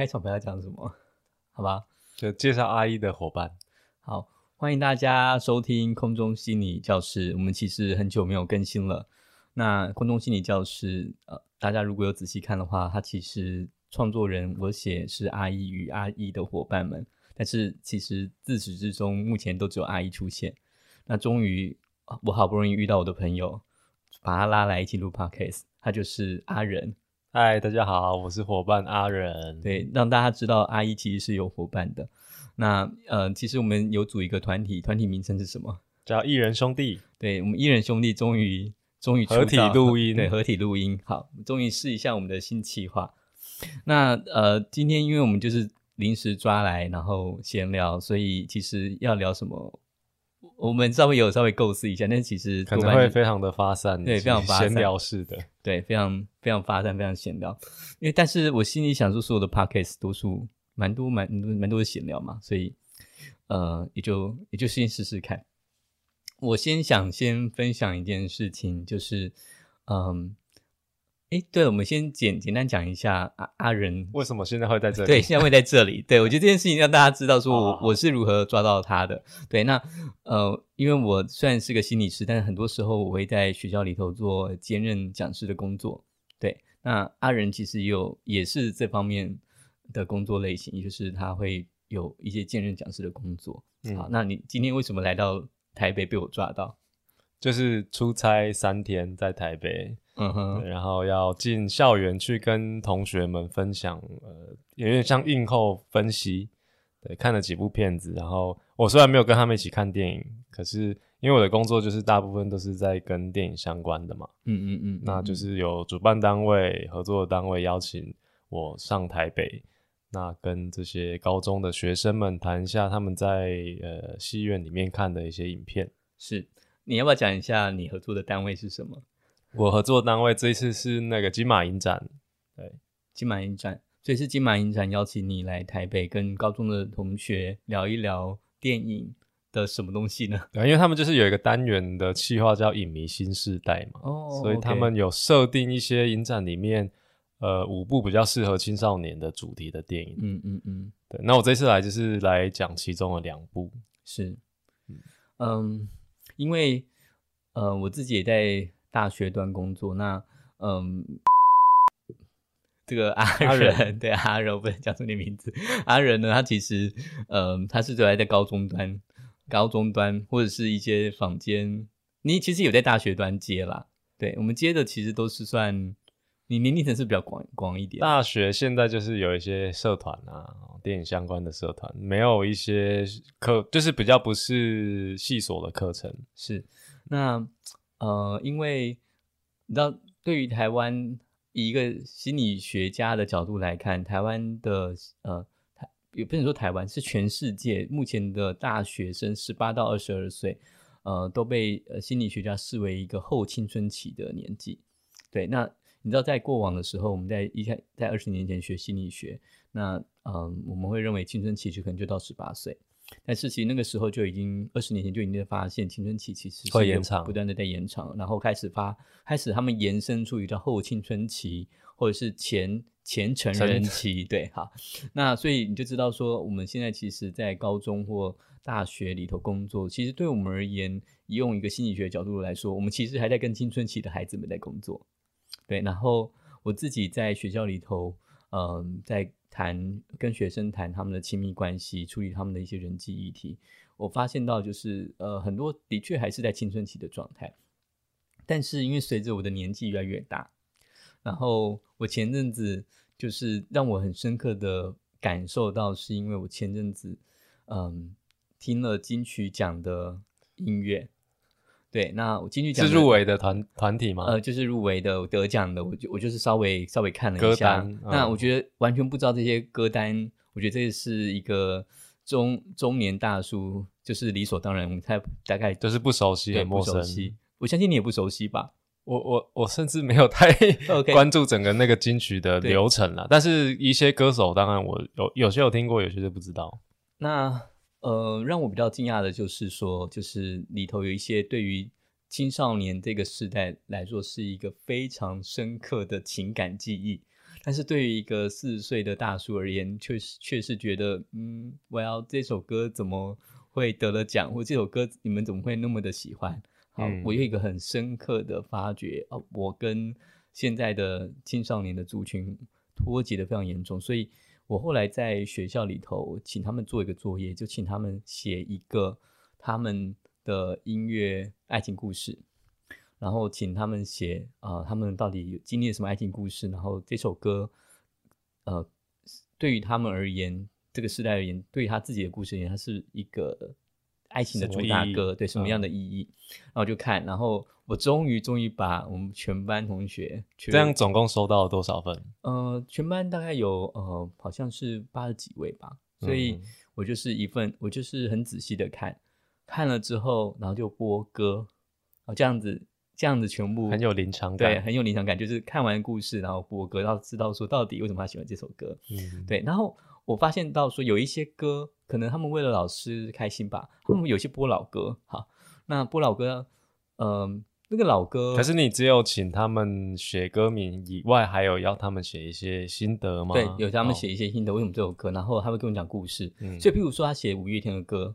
開場不要講什麼，好吧？就介紹阿一的夥伴。好，歡迎大家收聽空中心理教室。我們其實很久沒有更新了。那空中心理教室，呃，大家如果有仔細看的話，它其實創作人我寫是阿一與阿一的夥伴們，但是其實自始至終目前都只有阿一出現。那終於，我好不容易遇到我的朋友，把他拉來一起錄 Podcast，他就是阿人。嗨，Hi, 大家好，我是夥伴阿人。對，讓大家知道阿一其實是有夥伴的。那，呃，其實我們有組一個團體，團體名稱是什麼？叫薏仁兄弟。對，我們薏仁兄弟終於終於合體錄音，對，合體錄音，好，終於試一下我們的新企劃。那，呃，今天因為我們就是臨時抓來，然後閒聊，所以其實要聊什麼？我們稍微有稍微構思一下，但其實可能會非常的發散，對，非常閒聊式的，對，非常非常發散，非常閒聊。因為但是我心裡想說，所有的 podcast 多數蠻多蠻多蠻多的閒聊嘛，所以呃，也就也就先試試看。我先想先分享一件事情，就是嗯。哎、欸，對，我們先簡簡單講一下阿、啊、阿人為什麼現在會在這裡。對，現在會在這裡。對，我覺得這件事情讓大家知道，說我、哦、我是如何抓到他的。對，那呃，因為我雖然是個心理師，但是很多時候我會在學校裡頭做兼任講師的工作。對，那阿人其實也有也是這方面的工作類型，就是他會有一些兼任講師的工作。嗯、好，那你今天為什麼來到台北被我抓到？就是出差三天在台北，嗯哼、uh huh.，然後要進校園去跟同學們分享，呃，有點像映後分析，對，看了幾部片子，然後我雖然沒有跟他們一起看電影，可是因為我的工作就是大部分都是在跟電影相關的嘛，嗯嗯、嗯嗯嗯，那就是有主辦單位、合作的單位邀請我上台北，那跟這些高中的學生們談一下他們在呃戲院裡面看的一些影片，是。你要不要講一下你合作的單位是什麼？我合作的單位這一次是那個金馬影展，對，金馬影展，所以是金馬影展邀請你來台北跟高中的同學聊一聊電影的什麼東西呢？對，因為他們就是有一個單元的企劃叫“影迷新世代”嘛，哦，所以他們有設定一些影展裡面，哦 okay、呃，五部比較適合青少年的主題的電影，嗯嗯嗯，嗯嗯對，那我這次來就是來講其中的兩部，是，嗯。嗯因為，呃，我自己也在大學端工作。那，嗯，這個阿仁，阿仁對，阿仁，我不能講出你名字。阿仁呢，他其實，嗯、呃，他是主要在高中端、高中端或者是一些坊間。你其實有在大學端接啦，對，我們接的其實都是算。你年齡層是比較廣廣一點。大學現在就是有一些社團啊，電影相關的社團，沒有一些課，就是比較不是系所的課程。是，那呃，因為你知道，對於台灣以一個心理學家的角度來看，台灣的呃，台也不能說台灣是全世界目前的大學生十八到二十二歲，呃，都被呃心理學家視為一個後青春期的年紀。對，那。你知道，在過往的時候，我們在一開，在二十年前學心理學，那嗯，我們會認為青春期其實可能就到十八歲，但是其實那個時候就已經二十年前就已經發現青春期其實會延長，不斷的在延長，延長然後開始發開始他們延伸出一個後青春期或者是前前成人期成人對哈，那所以你就知道說，我們現在其實在高中或大學裡頭工作，其實對我們而言，以用一個心理學角度來說，我們其實還在跟青春期的孩子們在工作。對，然後我自己在學校裡頭，嗯，在談跟學生談他們的親密關係，處理他們的一些人際議題，我發現到就是，呃，很多的確還是在青春期的狀態，但是因為隨着我的年紀越來越大，然後我前陣子就是讓我很深刻的感受到，是因為我前陣子，嗯，聽了金曲獎的音樂。對，那我金曲獎是入圍的團團體嗎？呃，就是入圍的得獎的，我就我，就我就是稍微稍微看了一下，歌單嗯、那我覺得完全不知道這些歌單，嗯、我覺得這是一個中中年大叔，就是理所當然，我太大概就是不熟悉，很對陌生。我相信你也不熟悉吧？我我我甚至沒有太 Okay. 關注整個那個金曲的流程了，對但是一些歌手，當然我有有些有聽過，有些就不知道。那呃，讓我比較驚訝的就是說，就是裡頭有一些對於青少年這個時代來說是一個非常深刻的情感記憶，但是對於一個四十歲的大叔而言，確實確實覺得，嗯我要、well, 這首歌怎麼會得了獎？或這首歌你們怎麼會那麼的喜歡？好，我有一個很深刻的發覺，嗯、哦，我跟現在的青少年的族群脫節的非常嚴重，所以。我後來在學校裡頭，請他們做一個作業，就請他們寫一個他們的音樂愛情故事，然後請他們寫啊、呃，他們到底經歷了什麼愛情故事？然後這首歌，呃，對於他們而言，這個時代而言，對於他自己的故事而言，它是一個。愛情的主打歌，什麼意義？對什麼樣的意義？嗯、然後就看，然後我終於終於把我們全班同學這樣總共收到了多少份？呃，全班大概有呃好像是八十幾位吧，所以我就是一份，我就是很仔細的看，嗯、看了之後，然後就播歌，哦這樣子這樣子全部很有臨場感，對，很有臨場感，就是看完故事，然後播歌，要知道說到底為什麼他喜歡這首歌，嗯，對，然後。我發現到說有一些歌，可能他們為了老師開心吧，他們有些播老歌。哈，那播老歌，嗯、呃，那個老歌，可是你只有請他們寫歌名以外，還有要他們寫一些心得嗎？對，有他們寫一些心得，哦、為什麼這首歌？然後他會跟我講故事。嗯，所以譬如說他寫五月天的歌，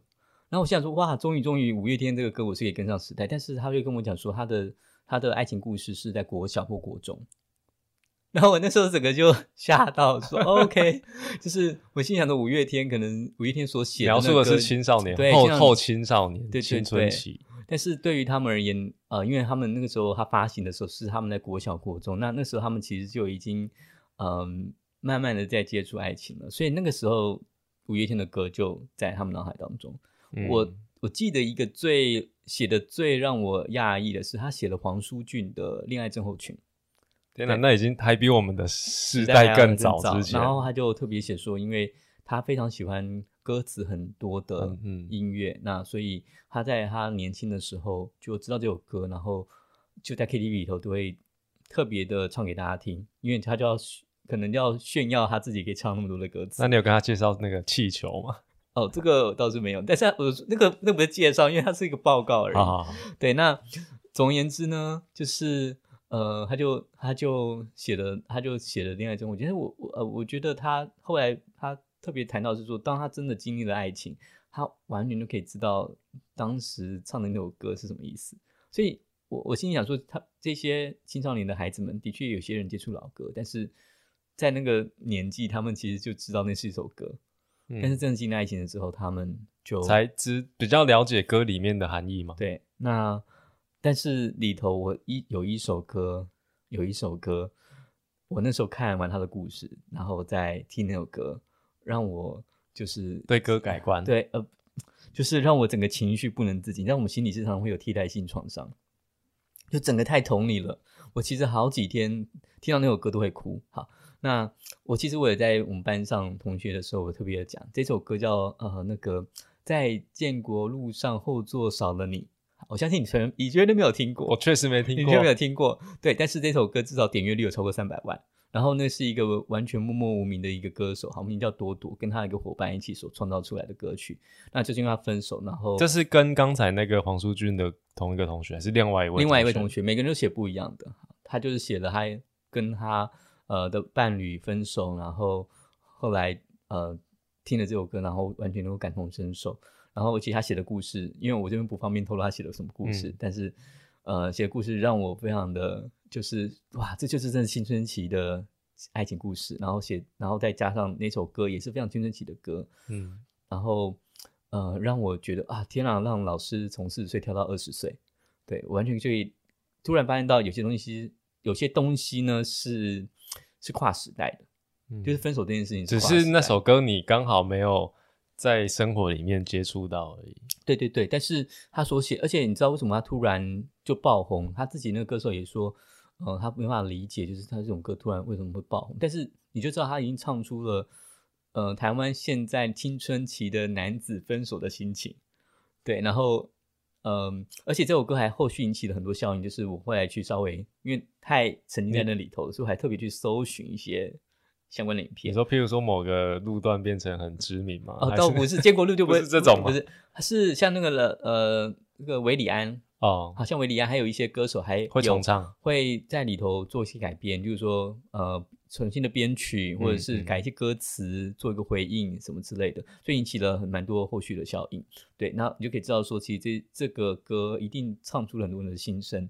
然後我想說哇，終於終於五月天這個歌我是可以跟上時代，但是他就跟我講說他的他的愛情故事是在國小或國中。然後我那時候整個就嚇到說，說、 哦、OK，就是我心想的五月天，可能五月天所寫的描、那、述、個、的是青少年，對後像後青少年，對，對，對，對青春期。但是對於他們而言，呃，因為他們那個時候他發行的時候是他們在國小國中，那那時候他們其實就已經，嗯、呃，慢慢的在接觸愛情了。所以那個時候五月天的歌就在他們腦海當中。嗯、我我記得一個最寫的最讓我訝異的是，他寫了黃舒駿的《戀愛症候群》。天吶，對那已經還比我們的時代更早之前。然後他就特別寫說，因為他非常喜歡歌詞很多的音樂，嗯、那所以他在他年輕的時候就知道這首歌，然後就在 KTV 裡頭都會特別的唱給大家聽，因為他就要可能就要炫耀，他自己可以唱那麼多的歌詞。那你有跟他介紹那個氣球嗎？哦，這個倒是沒有，但是我那個那個、不是介紹，因為它是一個報告而已。好好好。對，那總而言之呢，就是。呃，他就他就寫了，他就寫了戀愛中。我覺得我我呃，我覺得他後來他特別談到是說，當他真的經歷了愛情，他完全就可以知道當時唱的那首歌是什麼意思。所以我我心裡想說他，他這些青少年的孩子們的確有些人接觸老歌，但是在那個年紀，他們其實就知道那是一首歌。嗯，但是真的經歷愛情了之後，他們就才知比較了解歌裡面的含義嘛。對，那。但是裡頭，我一有一首歌，有一首歌，我那時候看完他的故事，然後再聽那首歌，讓我就是對歌改觀，對，呃，就是讓我整個情緒不能自禁，讓我們心理時常會有替代性創傷，就整個太同理了。我其實好幾天聽到那首歌都會哭。好，那我其實我也在我們班上同學的時候，我特別有講這首歌叫呃那個在建國路上後座少了你。我相信你全，你絕對沒有聽過。我確實沒聽過，你絕對沒有聽過。對，但是這首歌至少點閱率有超過三百萬。然後那是一個完全默默無名的一個歌手，好，名叫朵朵，跟他一個伙伴一起所創造出來的歌曲。那最近他分手，然後這是跟剛才那個黃舒駿的同一個同學，還是另外一位同學？另外一位同學，每個人都寫不一樣的。他就是寫了他跟他的呃的伴侶分手，然後後來呃聽了這首歌，然後完全能夠感同身受。然後我記得他寫的故事，因為我這邊不方便透露他寫了什麼故事，嗯、但是，呃，寫故事讓我非常的就是哇，這就是真的青春期的愛情故事。然後寫，然後再加上那首歌也是非常青春期的歌，嗯，然後呃，讓我覺得啊，天哪，讓老師從四十歲跳到二十歲，對，完全就突然發現到有些東西其實有些東西呢是是跨時代的，嗯、就是分手這件事情，只是那首歌你剛好沒有。在生活裡面接觸到而已。對對對，但是他所寫，而且你知道為什麼他突然就爆紅？他自己那個歌手也說，嗯、呃，他沒辦法理解，就是他這種歌突然為什麼會爆紅。但是你就知道他已經唱出了，呃，台灣現在青春期的男子分手的心情。對，然後，嗯、呃，而且這首歌還後續引起了很多效應，就是我後來去稍微，因為太沉浸在那裡頭你所以我還特別去搜尋一些。相關的影片，你說，譬如說某個路段變成很知名嗎？哦，倒不是，建國路就不， 不是這種，不是，是像那個了，呃，那個韋禮安哦，好像韋禮安還有一些歌手還有會重唱，會在裡頭做一些改編，就是說，呃，重新的編曲或者是改一些歌詞，嗯、做一個回應什麼之類的，所以引起了很蠻多後續的效應。對，那你就可以知道說，其實這這個歌一定唱出了很多人的心聲。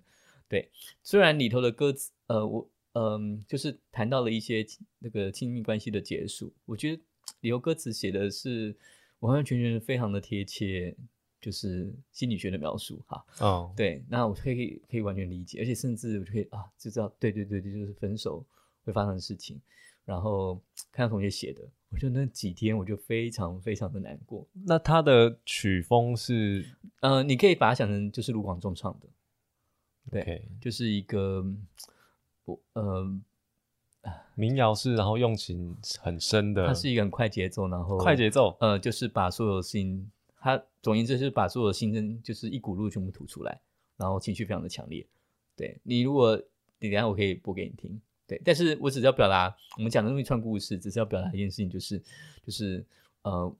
對，雖然裡頭的歌詞，呃，我。嗯，就是談到了一些那個親密關係的結束，我覺得理由歌詞寫的是完完全全非常的貼切，就是心理學的描述哈。哦，oh. 對，那我可以可以完全理解，而且甚至我就可以啊就知道，對對對就是分手會發生的事情。然後看到同學寫的，我覺得那幾天我就非常非常的難過。那他的曲風是，呃、嗯，你可以把它想成就是盧廣仲唱的，對，Okay. 就是一個。不，呃，民謠是，然後用情很深的。它是一個很快節奏，然後快節奏，呃，就是把所有的心，它總言之是把所有的心聲，就是一骨碌全部吐出來，然後情緒非常的強烈。對你，如果你等一下我可以播給你聽，對。但是我只是要表達，我們講的那麼一串故事，只是要表達一件事情，就是，就是，呃，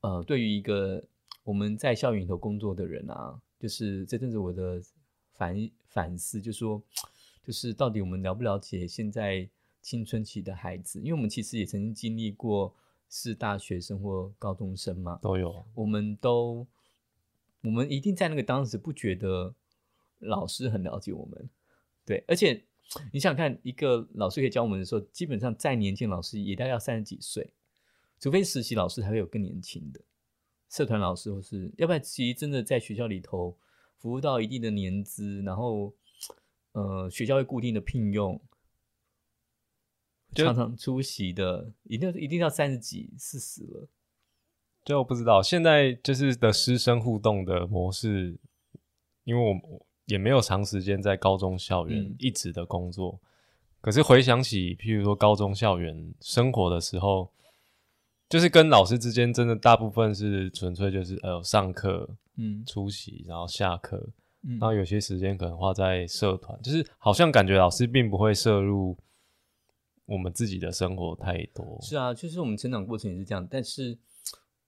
呃，對於一個我們在校園裡頭工作的人啊，就是這陣子我的反反思，就是說。就是到底我們了不了解現在青春期的孩子？因為我們其實也曾經經歷過是大學生或高中生嘛，都有。我們都，我們一定在那個當時不覺得老師很了解我們，對。而且你想看一個老師可以教我們的時候，基本上再年輕老師也大概要三十幾歲，除非實習老師還會有更年輕的，社團老師或是，要不然其實真的在學校裡頭服務到一定的年資，然後。呃、嗯，學校會固定的聘用，就常常出席的，一定要一定要三十幾、四十了，就不知道。現在就是的師生互動的模式，因為我我也沒有長時間在高中校園一直的工作，嗯、可是回想起，譬如說高中校園生活的時候，就是跟老師之間真的大部分是純粹就是呃上課，嗯，出席，然後下課。嗯然後有些時間可能花在社團，嗯、就是好像感覺老師並不會攝入我們自己的生活太多。是啊，就是我們成長過程也是這樣，但是，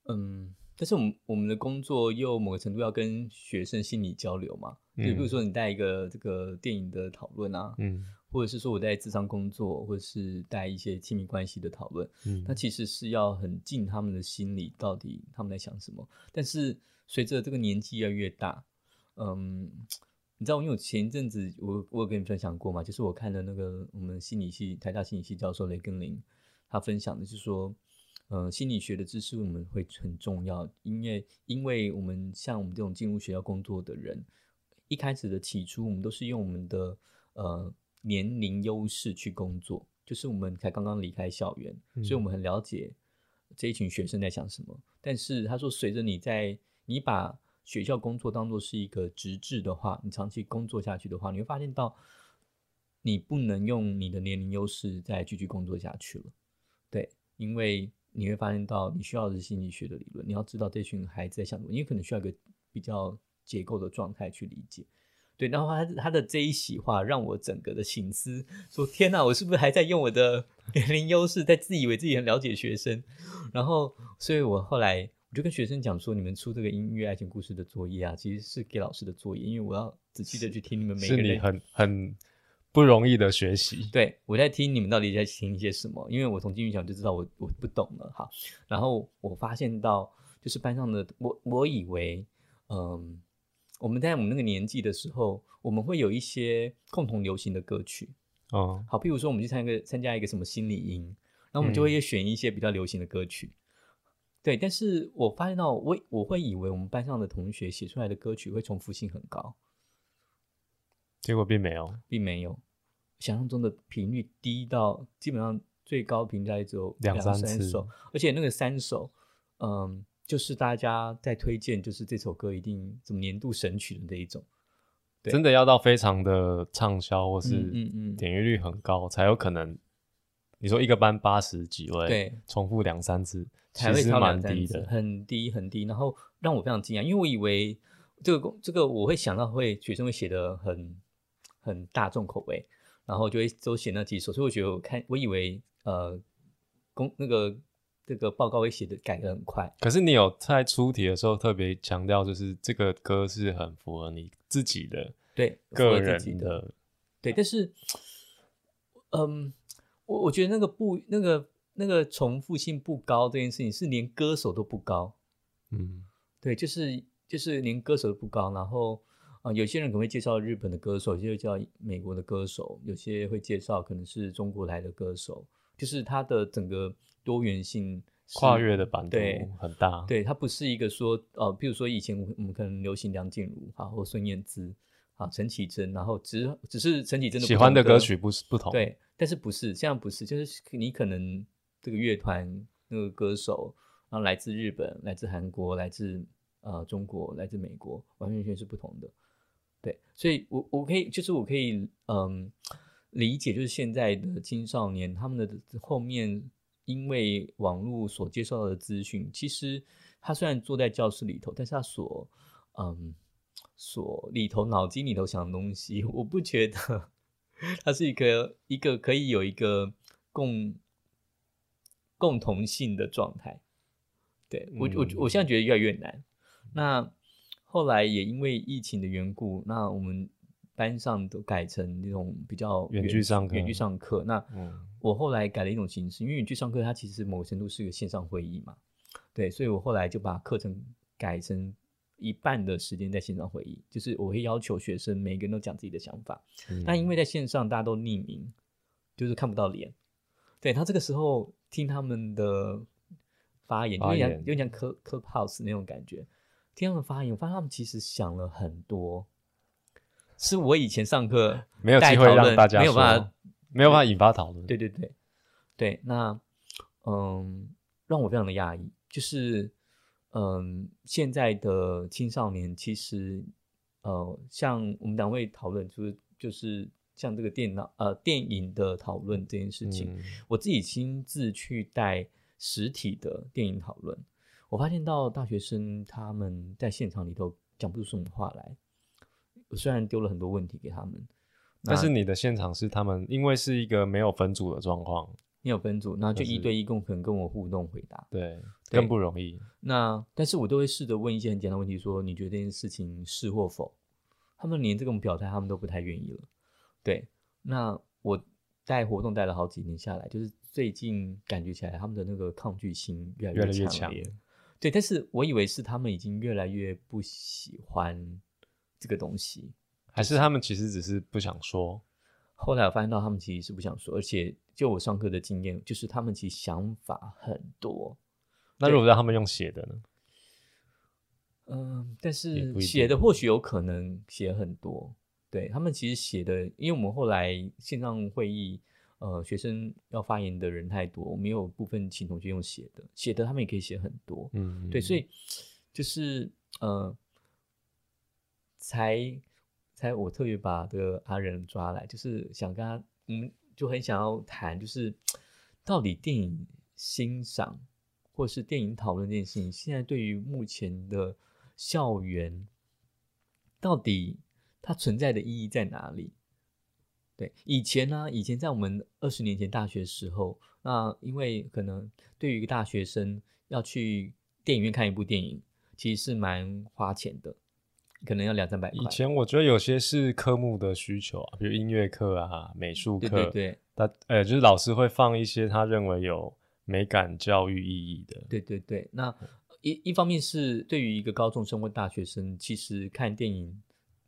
嗯，但是我們我們的工作又某個程度要跟學生心理交流嘛，嗯、就比如說你帶一個這個電影的討論啊，嗯，或者是說我在諮商工作，或者是帶一些親密關係的討論，嗯，那其實是要很近他們的心理，到底他們在想什麼。但是隨着這個年紀要越，越大。嗯，你知道，因為我前一陣子我我有跟你分享過嘛，就是我看了那個我們心理系台大心理系教授雷根林，他分享的就是說，呃，心理學的知識我們會很重要，因為因為我們像我們這種進入學校工作的人，一開始的起初我們都是用我們的呃年齡優勢去工作，就是我們才剛剛離開校園，嗯。所以我們很了解這一群學生在想什麼。但是他說，隨着你在你把學校工作當做是一個職志的話，你長期工作下去的話，你會發現到你不能用你的年齡優勢再繼續工作下去了。對，因為你會發現到你需要的是心理學的理論，你要知道這群孩子在想什麼，你可能需要一個比較結構的狀態去理解。對，然後他他的這一席話讓我整個的省思說，說天哪，我是不是還在用我的年齡優勢在自以為自己很了解學生？然後，所以我後來。我就跟學生講說：“你們出這個音樂愛情故事的作業啊，其實是給老師的作業，因為我要仔細的去聽你們每一個人。”很很不容易的學習。對，我在聽你們到底在聽一些什麼？因為我從金曲獎就知道我，我我不懂了。好，然後我發現到就是班上的我，我以為，嗯，我們在我們那個年紀的時候，我們會有一些共同流行的歌曲哦。好，譬如說，我們去參個參加一個什麼心理營，那我們就會選一些比較流行的歌曲。嗯對，但是我發現到我我會以為我們班上的同學寫出來的歌曲會重複性很高，結果並沒有，並沒有想象中的頻率低到基本上最高頻率也只有三首兩三次，而且那個三首，嗯，就是大家在推薦，就是這首歌一定什麼年度神曲的那一種，真的要到非常的暢銷或是嗯嗯點擊率很高，嗯嗯嗯，才有可能。你說一個班八十幾位，對，重複兩三次，其實是蠻低的，很低很低。然後讓我非常驚訝，因為我以為這個工這個我會想到會學生會寫的很很大眾口味，然後就會都寫那幾首，所以我覺得我看我以為呃公那個這個報告會寫的改的很快。可是你有在出題的時候特別強調，就是這個歌是很符合你自己的對個人的，自己的對，但是嗯。我我覺得那個不那個那個重複性不高這件事情是連歌手都不高，嗯，對，就是就是連歌手都不高。然後啊、呃，有些人可能會介紹日本的歌手，有些會叫美國的歌手，有些會介紹可能是中國來的歌手。就是他的整個多元性跨越的版圖對很大，對，它不是一個說呃，比如說以前我們可能流行梁靜茹啊，或孫燕姿啊，陳綺貞，然後只只是陳綺貞的喜歡的歌曲不是不同對。但是不是這樣？不是，就是你可能這個樂團那個歌手，然後來自日本、來自韓國、來自呃中國、來自美國，完全全是不同的。對，所以我我可以，就是我可以，嗯，理解，就是現在的青少年他們的後面，因為網絡所接受到的資訊，其實他雖然坐在教室裡頭，但是他所嗯所裡頭腦筋裡頭想的東西，我不覺得。它是一個一個可以有一個共共同性的狀態，對，我我我現在覺得越來越難。那後來也因為疫情的緣故，那我們班上都改成那種比較遠距上遠距上課。那我後來改了一種形式，因為遠距上課它其實某程度是一個線上會議嘛，對，所以我後來就把課程改成，一半的時間在線上會議，就是我會要求學生每個人都講自己的想法。嗯、但因為在線上大家都匿名，就是看不到臉，對他這個時候聽他們的發言，有點言有點像科 house 那種感覺。聽他們的發言，我發現他們其實想了很多，是我以前上課沒有機會讓大家沒有辦法，嗯、沒有辦法引發討論。對對對，對，那嗯，讓我非常的壓抑，就是。嗯，現在的青少年其實，呃，像我們兩位討論，就是就是像這個電腦呃電影的討論這件事情，嗯、我自己親自去帶實體的電影討論，我發現到大學生他們在現場裡頭講不出什麼話來，我雖然丟了很多問題給他們，但是你的現場是他們因為是一個沒有分組的狀況。你有分組，那就一對一，共可能跟我互動回答。對，更不容易。那但是我都會試着問一些很簡單問題，說你覺得這件事情是或否？他們連這種表態，他們都不太願意了。對，那我帶活動帶了好幾年下來，就是最近感覺起來，他們的那個抗拒心越來越強烈。越來越強。對，但是我以為是他們已經越來越不喜歡這個東西，還是他們其實只是不想說？後來我發現到他們其實是不想說，而且。就我上課的經驗，就是他們其實想法很多。那如果讓他們用寫的呢？嗯、呃，但是寫的或許有可能寫很多。對他們其實寫的，因為我們後來線上會議，呃，學生要發言的人太多，我們有部分請同學用寫的，寫的他們也可以寫很多。嗯，嗯，嗯，對，所以就是呃，才才我特別把這個阿人抓來，就是想跟他嗯。就很想要談，就是到底電影欣賞或是電影討論這件事情，現在對於目前的校園，到底它存在的意義在哪裡？對，以前呢、啊，以前在我們二十年前大學時候，那因為可能對於一個大學生要去電影院看一部電影，其實是蠻花錢的。可能要兩三百塊。以前我覺得有些是科目的需求啊，比如音樂課啊、美術課，嗯、對對對，他呃、欸，就是老師會放一些他認為有美感教育意義的。對對對，那、嗯、一一方面是對於一個高中生或大學生，其實看電影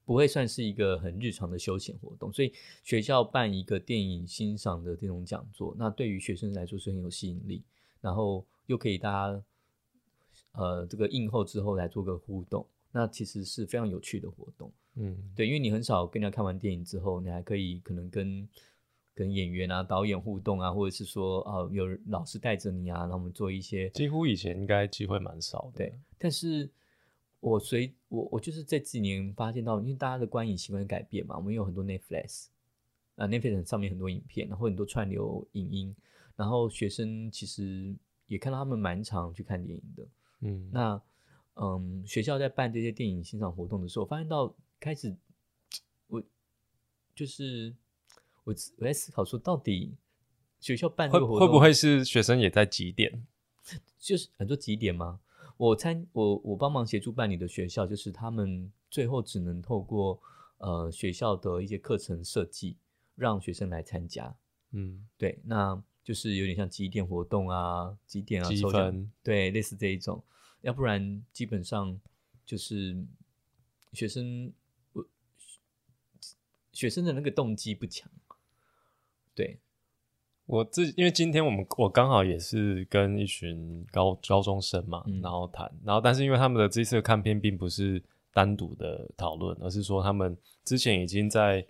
不會算是一個很日常的休閒活動，所以學校辦一個電影欣賞的這種講座，那對於學生來說是很有吸引力，然後又可以大家呃這個映後之後來做個互動。那其實是非常有趣的活動，嗯，對，因為你很少跟人家看完電影之後，你還可以可能跟跟演員啊、導演互動啊，或者是說啊，有老師帶着你啊，然後我們做一些。幾乎以前應該機會蠻少的，對。但是我隨，我隨我我就是在這幾年發現到，因為大家的觀影習慣改變嘛，我們有很多 Netflix 啊，Netflix 上面很多影片，然後很多串流影音，然後學生其實也看到他們蠻常去看電影的，嗯，那。嗯，學校在辦這些電影欣賞活動的時候，我發現到開始，我就是我我在思考說，到底學校辦會不會會不會是學生也在集點？就是很多集點嗎？我參我我幫忙協助辦理的學校，就是他們最後只能透過呃學校的一些課程設計，讓學生來參加。嗯，對，那就是有點像集點活動啊，集點啊，抽獎團，對，類似這一種。要不然，基本上就是學生，學，學生的那個動機不強。對，我自，因為今天我們我剛好也是跟一群高高中生嘛，然後談，嗯，然後但是因為他們的這次的看片並不是單獨的討論，而是說他們之前已經在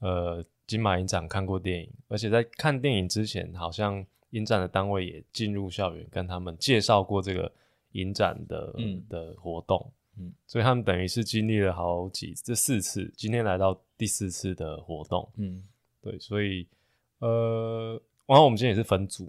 呃金馬影展看過電影，而且在看電影之前，好像影展的單位也進入校園跟他們介紹過這個。影展的的活動，嗯、所以他們等於是經歷了好幾這四次，今天來到第四次的活動。嗯，對，所以呃，然後我們今天也是分組，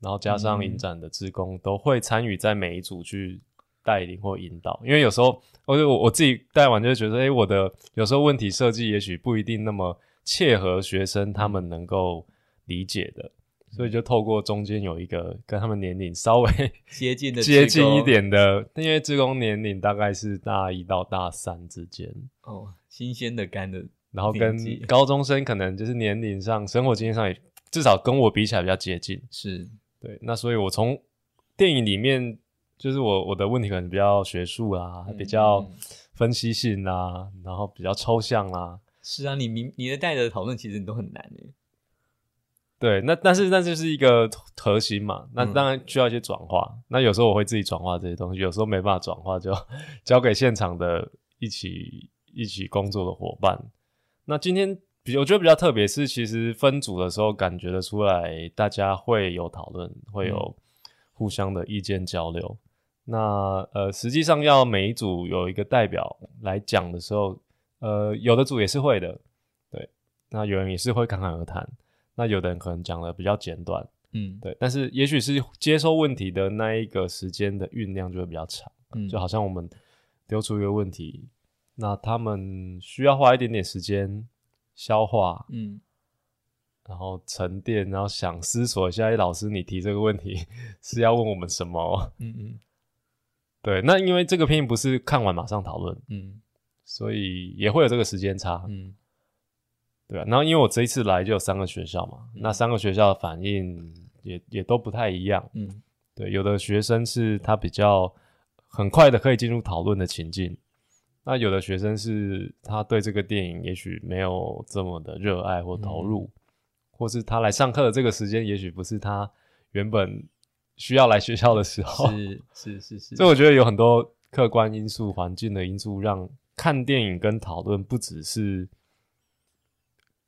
然後加上影展的志工都會參與在每一組去帶領或引導，因為有時候我就我自己帶完就會覺得，哎、欸，我的有時候問題設計也許不一定那麼切合學生他們能夠理解的。所以就透過中間有一個跟他們年齡稍微接近的接近一點的，因為志工年齡大概是大一到大三之間哦，新鮮的乾的，然後跟高中生可能就是年齡上、生活經驗上也至少跟我比起來比較接近，是對。那所以我從電影裡面，就是我我的問題可能比較學術啦，嗯、比較分析性啦，然後比較抽象啦。是啊，你你你的帶的討論其實你都很難誒、欸。對，那但是那就是一個核心嘛，那當然需要一些轉化。嗯、那有時候我會自己轉化這些東西，有時候沒辦法轉化就交給現場的一起一起工作的夥伴。那今天比我覺得比較特別，是其實分組的時候感覺得出來，大家會有討論，會有互相的意見交流。嗯、那呃，實際上要每一組有一個代表來講的時候，呃，有的組也是會的，對，那有人也是會侃侃而談。那有的人可能講得比較簡短，嗯，對，但是也許是接收問題的那一個時間的醞釀就會比較長，嗯，就好像我們丟出一個問題，那他們需要花一點點時間消化，嗯，然後沉澱，然後想思索一下，哎，老師你提這個問題 是要問我們什麼？嗯嗯，對，那因為這個片不是看完馬上討論，嗯，所以也會有這個時間差，嗯。對啊，然後因為我這一次來就有三個學校嘛，嗯、那三個學校的反應也也都不太一樣，嗯，對，有的學生是他比較很快的可以進入討論的情境，那有的學生是他對這個電影也許沒有這麼的熱愛或投入，嗯、或是他來上課的這個時間也許不是他原本需要來學校的時候，是是是是，所以 我覺得有很多客觀因素、環境的因素讓看電影跟討論不只是。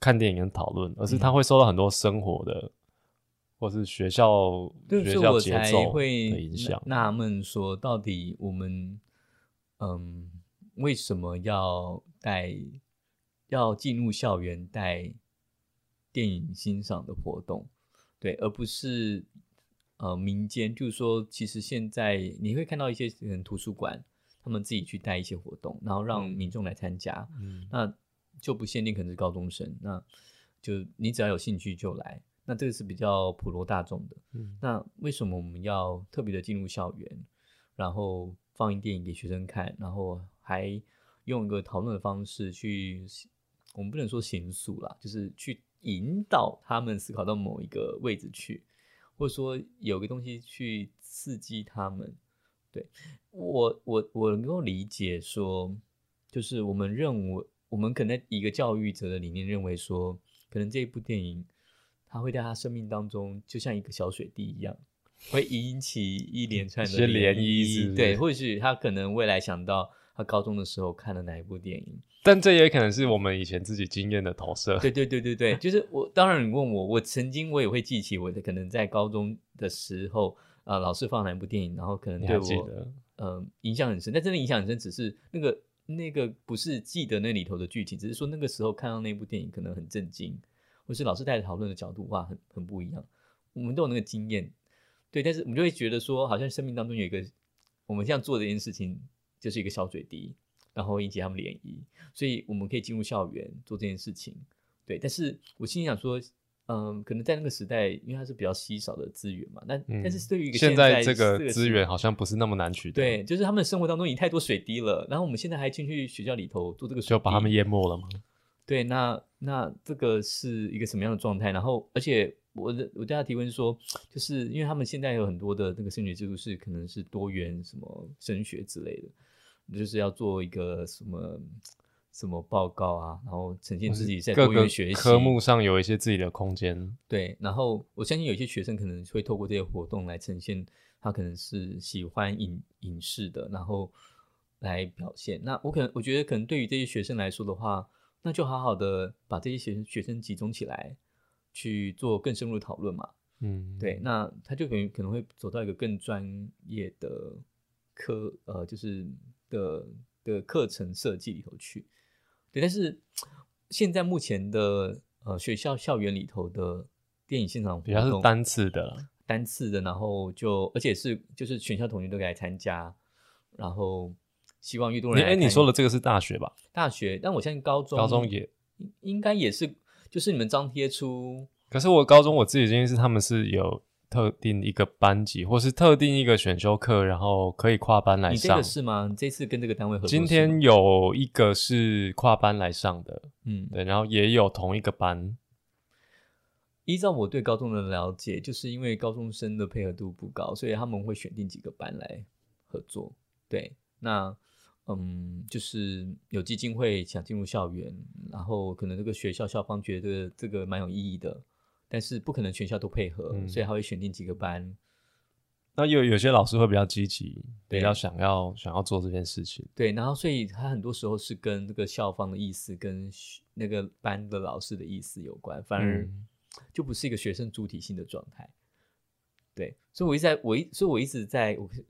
看電影跟討論，而是他會受到很多生活的，嗯、或是學校學校節奏的影響。納悶說到底，我們嗯為什麼要帶要進入校園帶電影欣賞的活動？對，而不是呃民間，就是說，其實現在你會看到一些人圖書館，他們自己去帶一些活動，然後讓民眾來參加。嗯，那。就不限定，可能是高中生，那就你只要有興趣就來，那這個是比較普羅大眾的。嗯，那為什麼我們要特別的進入校園，然後放映電影給學生看，然後還用一個討論的方式去，我們不能說形塑啦，就是去引導他們思考到某一個位置去，或者說有個東西去刺激他們。對我，我，我能夠理解說，就是我們認為。我們可能在一個教育者的理念認為說，可能這一部電影，他會在他生命當中就像一個小水滴一樣，會引起一連串的漣漪。 漣漪是不是？對，或許他可能未來想到他高中的時候看了哪一部電影，但這也可能是我們以前自己經驗的投射。對，對，對，對，對，就是我。當然，你問我，我曾經我也會記起，我的可能在高中的時候，啊、呃，老師放哪一部電影，然後可能對我，嗯、呃，影響很深。但真的影響很深，只是那個。那個不是記得那裡頭的劇情，只是說那個時候看到那部電影可能很震驚，或是老師帶着討論的角度哇，很很不一樣。我們都有那個經驗，對，但是我們就會覺得說，好像生命當中有一個我們這樣做這件事情就是一個小水滴，然後引起他們漣漪，所以我們可以進入校園做這件事情，對。但是我心裡想說。嗯，可能在那個時代，因為它是比較稀少的資源嘛。那但、嗯、但是對於現在，現在這個資源好像不是那麼難取得。對，就是他們的生活當中已經太多水滴了，然後我們現在還進去學校裡頭做這個，就把他們淹沒了嗎？對，那那這個是一個什麼樣的狀態？然後，而且我我對他提問說，就是因為他們現在有很多的那個升學制度是可能是多元什麼升學之類的，就是要做一個什麼。什麼報告啊？然後呈現自己在各個學科目上有一些自己的空間。對，然後我相信有一些學生可能會透過這些活動來呈現他可能是喜歡影影視的，嗯、然後來表現。那我可能我覺得可能對於這些學生來說的話，那就好好的把這些學生學生集中起來去做更深入的討論嘛。嗯，對，那他就可能可能會走到一個更專業的科呃，就是的的課程設計裡頭去。但是現在目前的呃學校校園裡頭的電影現場比較是單次的，單次的，然後就而且是就是全校同學都可以來參加，然後希望越多人來你。哎，你說的這個是大學吧？大學，但我相信高中高中也應該也是，就是你們張貼出。可是我高中我自己認為是他們是有。特定一個班級，或是特定一個選修課，然後可以跨班來上。你這個是嗎？你這次跟這個單位合作？今天有一個是跨班來上的，嗯，對，然後也有同一個班。依照我對高中的了解，就是因為高中生的配合度不高，所以他們會選定幾個班來合作。對，那嗯，就是有基金會想進入校園，然後可能這個學校校方覺得這個蠻有意義的。但是不可能全校都配合，嗯、所以他會選定幾個班。那有有些老師會比較積極，對比較想要想要做這件事情。對，然後所以他很多時候是跟這個校方的意思，跟那個班的老師的意思有關，反而就不是一個學生主體性的狀態。嗯、對，所以我一直在我一，所以我一直在我回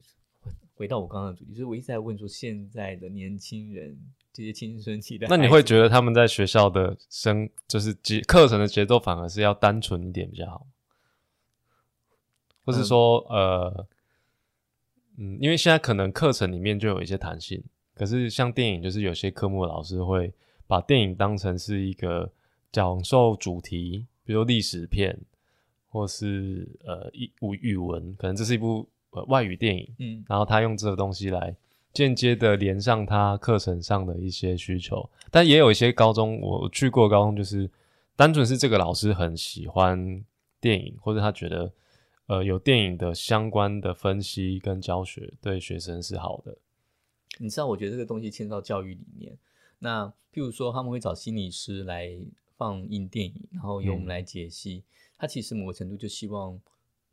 回到我剛剛的主題，所以我一直在問說現在的年輕人。這些青春期的，那你會覺得他們在學校的生，就是節課程的節奏反而是要單純一點比較好，或者說、嗯、呃，嗯，因為現在可能課程裡面就有一些彈性，可是像電影，就是有些科目的老師會把電影當成是一個講授主題，比如說歷史片，或是呃語語語文，可能這是一部呃外語電影，嗯、然後他用這個東西來。間接的連上他課程上的一些需求，但也有一些高中，我去過高中，就是單純是這個老師很喜歡電影，或者他覺得呃有電影的相關的分析跟教學對學生是好的。你知道，我覺得這個東西牽到教育裡面，那譬如說他們會找心理師來放映電影，然後由我們來解析，嗯、他其實某個程度就希望。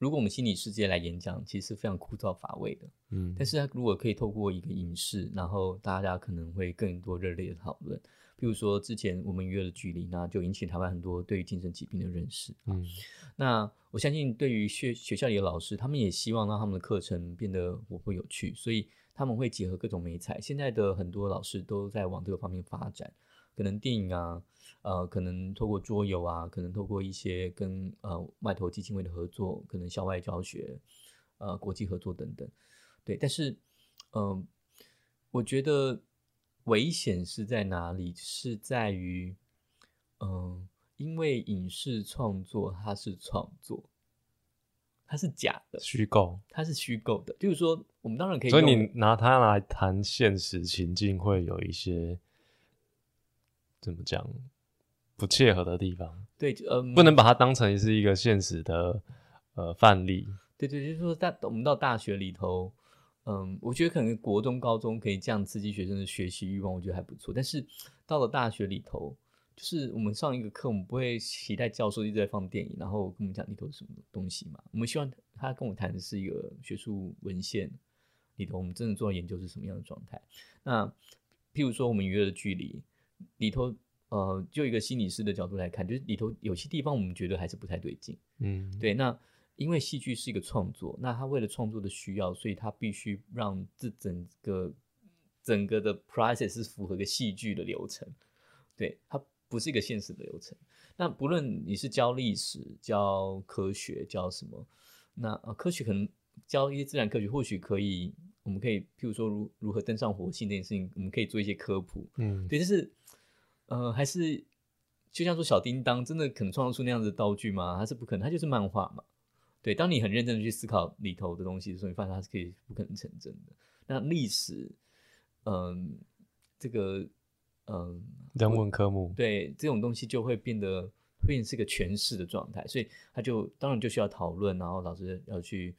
如果我們心理世界來演講，其實是非常枯燥乏味的。嗯，但是如果可以透過一個影視，然後大家可能會更多熱烈的討論。比如說之前我們《與惡的距離》，那就引起台灣很多對於精神疾病的認識。嗯，那我相信對於學學校裡的老師，他們也希望讓他們的課程變得活潑有趣，所以他們會結合各種媒材。現在的很多老師都在往這個方面發展。可能電影啊，呃，可能透過桌遊啊，可能透過一些跟呃外頭基金會的合作，可能校外教學，呃，國際合作等等，對。但是，嗯、呃，我覺得危險是在哪裡？是在於，嗯、呃，因為影視創作它是創作，它是假的，虛構，它是虛構的。就是說，我們當然可以。所以你拿它來談現實情境，會有一些。怎麼講？不切合的地方，對，呃，嗯、不能把它當成是一個現實的，呃，範例。對，對對，就是說，在我們到大學裡頭，嗯，我覺得可能國中、高中可以這樣刺激學生的學習欲望，我覺得還不錯。但是到了大學裡頭，就是我們上一個課，我們不會期待教授一直在放電影，然後跟我們講裡頭是什麼東西嘛？我們希望他跟我談的是一個學術文獻裡頭，我們真的做的研究是什麼樣的狀態。那譬如說，我們娛樂的距離。裡頭，呃，就一個心理師的角度來看，就是裡頭有些地方我們覺得還是不太對勁，嗯，對。那因為戲劇是一個創作，那他為了創作的需要，所以他必須讓這整個整個的 process 是符合個戲劇的流程，對，它不是一個現實的流程。那不論你是教歷史、教科學、教什麼，那科學可能教一些自然科學，或許可以。我們可以，譬如說，如如何登上火星這件事情，我們可以做一些科普。嗯，對，就是，呃，還是，就像說小叮噹，真的可能創造出那樣的道具嗎？還是不可能，它就是漫畫嘛。對，當你很認真的去思考裡頭的東西的時候，你發現它是可以不可能成真的。那歷史，嗯、呃，這個，嗯、呃，人文科目，對，這種東西就會變得變成是一個詮釋的狀態，所以它就當然就需要討論，然後老師要去。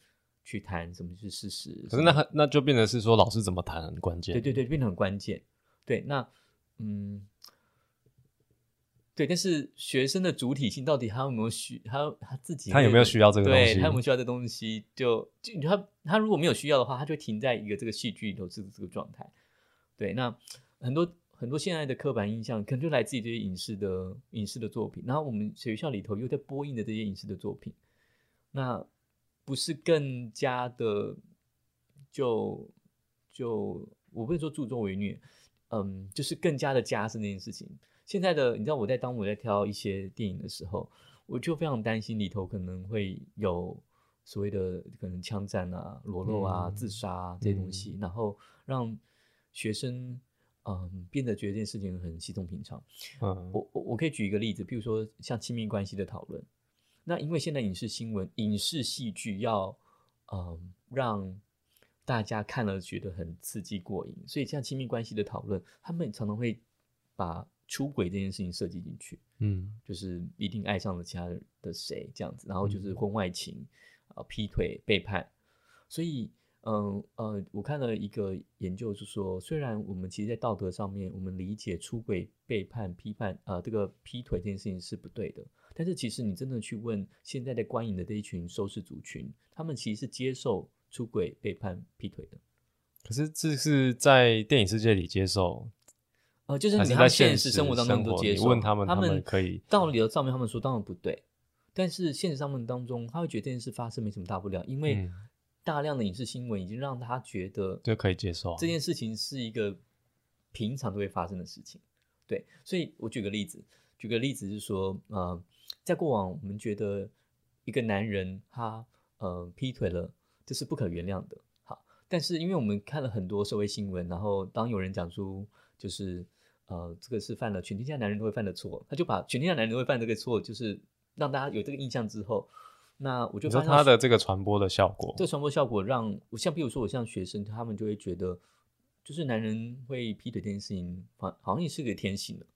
去談什麼是事、事實？可是那那就變成是說老師怎麼談很關鍵。對對對，變得很關鍵。對，那嗯，對，但是學生的主體性到底他有沒有需他他自己他有沒有需要這個東西？對他有沒有需要這東西？就就他他如果沒有需要的話，他就停在一個這個戲劇裡頭、就是、這個這個狀態。對，那很多很多現在的刻板印象可能就來自於這些影視的影視的作品，然後我們學校裡頭又在播映的這些影視的作品，那。不是更加的就，就就我不是說助紂為虐，嗯，就是更加的加深那件事情。現在的你知道，我在當我在挑一些電影的時候，我就非常擔心裡頭可能會有所謂的可能槍戰啊、裸露啊、自殺、啊嗯、這些東西，嗯、然後讓學生嗯變得覺得這件事情很稀鬆平常。啊、我我我可以舉一個例子，譬如說像親密關係的討論。那因為現在影視新聞、影視戲劇要，嗯，讓大家看了覺得很刺激過癮，所以像親密關係的討論，他們常常會把出軌這件事情設計進去，嗯，就是一定愛上了其他的誰這樣子，然後就是婚外情，啊、嗯，劈腿、背叛，所以。嗯呃，我看了一個研究，是說，雖然我們其實在道德上面，我們理解出軌、背叛、批判啊、呃，這個劈腿這件事情是不對的，但是其實你真的去問現在的觀影的這一群收視族群，他們其實是接受出軌、背叛、劈腿的。可是這是在電影世界裡接受，呃，就是你在現實生活當中都接受。你問他們，他們可以。道德上面他們說當然不對，嗯、但是現實生活當中，他會覺得這件事發生沒什麼大不了，因為、嗯。大量的影視新聞已經讓他覺得就可以接受這件事情是一個平常都會發生的事情，對，所以我舉個例子，舉個例子是說，嗯、呃，在過往我們覺得一個男人他嗯、呃、劈腿了這、就是不可原諒的，好，但是因為我們看了很多社會新聞，然後當有人講出就是呃這個是犯了全天下男人都會犯的錯，他就把全天下男人都會犯這個錯，就是讓大家有這個印象之後。那我就說他，他的這個傳播的效果，這個傳播效果讓我像比如說我像學生，他們就會覺得，就是男人會劈腿這件事情好，好好像也是個天性的。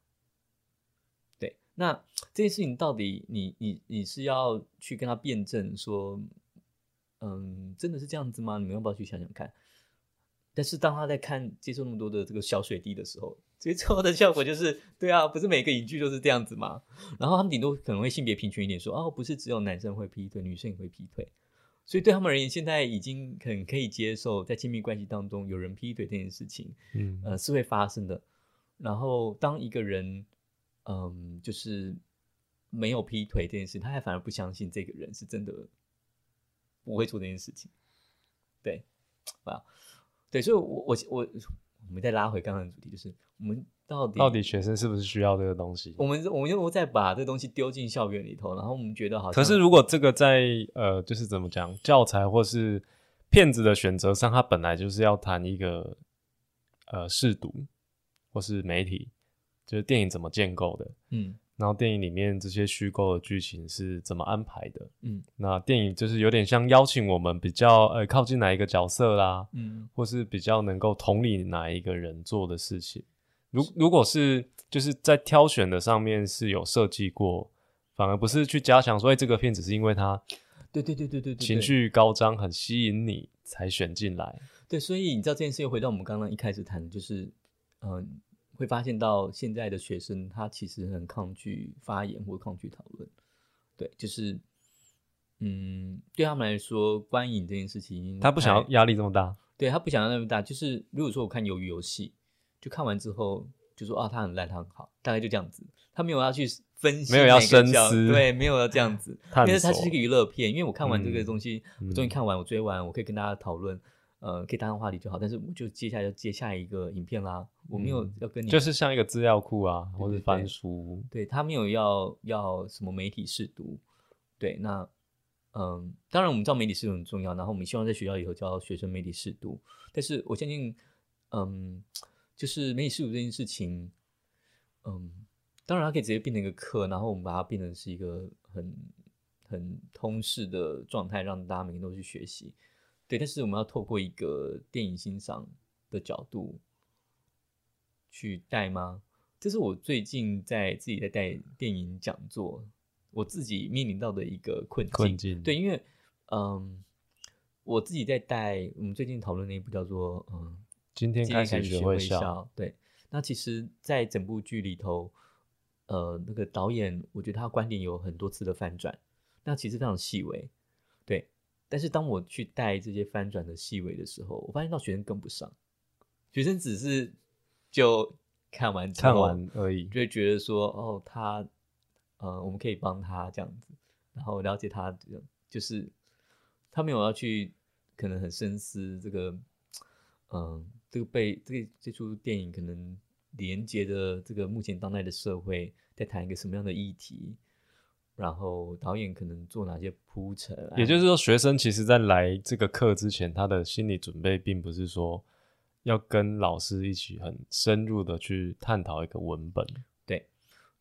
對，那這件事情到底你你你是要去跟他辯證說，嗯，真的是這樣子嗎？你們要不要去想想看？但是當他在看接受那麼多的這個小水滴的時候。所以最後的效果就是，對啊，不是每個影劇都是這樣子嘛。然後他們頂多可能會性別平權一點說，說哦，不是只有男生會劈腿，女生也會劈腿。所以對他們而言，現在已經很可，可以接受，在親密關係當中有人劈腿這件事情，嗯、呃，是會發生的。然後當一個人，嗯，就是沒有劈腿這件事，他還反而不相信這個人是真的不會做這件事情。我對，啊，對，所以我，我我我。我們再拉回剛剛的主題，就是我們到底到底學生是不是需要這個東西？我們我們又不再把這個東西丟進校園裡頭，然後我們覺得好像。可是如果這個在呃，就是怎麼講，教材或是片子的選擇上，它本來就是要談一個呃識讀或是媒體，就是電影怎麼建構的，嗯。然後電影裡面這些虛構的劇情是怎麼安排的？嗯，那電影就是有點像邀請我們比較呃、欸、靠近哪一個角色啦，嗯，或是比較能夠同理哪一個人做的事情。如如果是,是就是在挑選的上面是有設計過，反而不是去加強，所以、欸欸、這個片子是因為它，對對對對對對，情緒高漲很吸引你才選進來。對，所以你知道這件事又回到我們剛剛一開始談，就是嗯。呃會發現到現在的學生，他其實很抗拒發言或抗拒討論。對，就是，嗯，對他們來說，觀影這件事情，他不想要壓力這麼大。對他不想要那麼大，就是如果說我看《魷魚遊戲》，就看完之後就說啊，他很爛，他很好，大概就這樣子。他沒有要去分析，沒有要深思，對，沒有要這樣子，索因為它是一個娛樂片。因為我看完這個東西，嗯嗯、我終於看完，我追完，我可以跟大家討論。呃，可以搭上話題就好，但是我就接下來要接下一個影片啦。嗯、我沒有要跟你，就是像一個資料庫啊，或是翻書。對，他沒有要要什麼媒體識讀，對，那嗯，當然我們知道媒體識讀很重要，然後我們希望在學校以後教學生媒體識讀。但是我相信，嗯，就是媒體識讀這件事情，嗯，當然它可以直接變成一個課，然後我們把它變成是一個很很通識的狀態，讓大家每天都去學習。對，但是我們要透過一個電影欣賞的角度去帶嗎？這是我最近在自己在帶電影講座，我自己面臨到的一個困境。困境。對，因為，嗯，我自己在帶我們最近討論的一部叫做嗯，今天開始學會笑。會笑。對，那其實，在整部劇裡頭，呃，那個導演，我覺得他觀點有很多次的反轉。那其實非常細微。但是當我去帶這些翻轉的細微的時候，我發現到學生跟不上，學生只是就看完看完而已，就會覺得說哦，他呃，我們可以幫他這樣子，然後了解他，就是他沒有要去，可能很深思這個，嗯、呃，這個被這個這齣電影可能連接的這個目前當代的社會在談一個什麼樣的議題。然後導演可能做哪些鋪陳，啊？也就是說，學生其實在來這個課之前，他的心理準備並不是說要跟老師一起很深入的去探討一個文本。對，